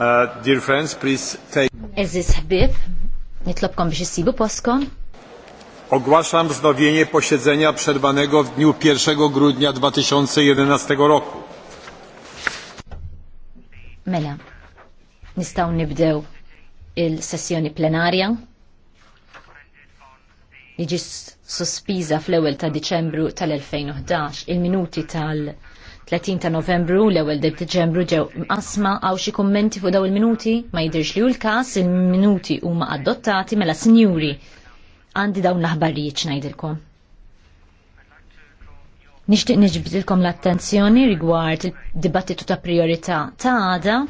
Uh, dear friends, please take... Eżis ħbib, nitlobkom biex issibu poskom. Ogłaszam wznowienie posiedzenia przerwanego w dniu 1 grudnia 2011 roku. Mela, nistaw nibdew il-sessjoni plenarja Iġis ġi sospiża fl ewel ta' Deċembru tal-2011 il-minuti tal-, -2011, il minuti tal 30 ta' novembru l ewwel deċembru ġew asma għaw xi kummenti fuq daw il-minuti ma jidirx li hu l-każ il-minuti huma adottati mela sinjuri għandi dawn l-aħbarijiet ngħidilkom. Nixtieq niġbdilkom l-attenzjoni rigward il-dibattitu ta' priorità ta' għada